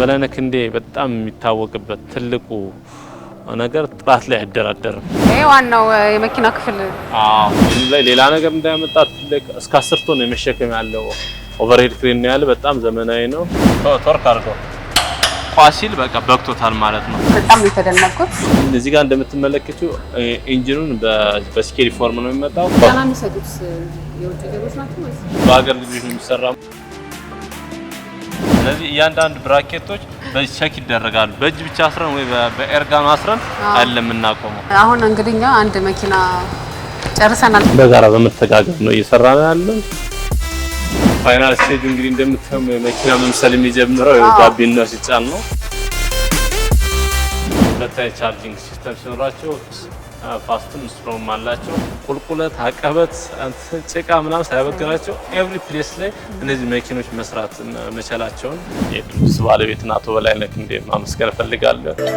በለነ ክንዴ በጣም የሚታወቅበት ትልቁ ነገር ጥራት ላይ አይደራደርም። ይሄ ዋናው የመኪና ክፍል ላይ ሌላ ነገር እንዳያመጣ ትልቅ እስከ አስር ቶን የመሸከም ያለው ኦቨርሄድ ክሬን ነው ያለ። በጣም ዘመናዊ ነው። ቶርክ አድርጎ ኳሲል በቃ በቅቶታል ማለት ነው። በጣም ነው የተደነቅኩት። እዚህ ጋር እንደምትመለከቱ ኢንጂኑን በስኬል ፎርም ነው የሚመጣ። በሀገር ልጆች ነው የሚሰራ ስለዚህ እያንዳንድ ብራኬቶች በቸክ ይደረጋሉ። በእጅ ብቻ አስረን ወይ በኤርጋኑ አስረን አይደለም የምናቆመው። አሁን እንግዲህ እኛ አንድ መኪና ጨርሰናል። በጋራ በመተጋገብ ነው ነው ያለን። ፋይናል ስቴጅ እንግዲህ እንደምታዩ መኪና መምሰል የሚጀምረው ጋቢናው ሲጫን ነው። ሁለት ቻርጂንግ ሲስተም ሲኖራቸው ፋስትም ስትሮም አላቸው። ቁልቁለት፣ አቀበት፣ ጭቃ ምናምን ሳያበግራቸው ኤቭሪ ፕሌስ ላይ እነዚህ መኪኖች መስራት መቻላቸውን የድርጅት ባለቤትን አቶ በላይነት እንዴ ማመስገን እፈልጋለሁ።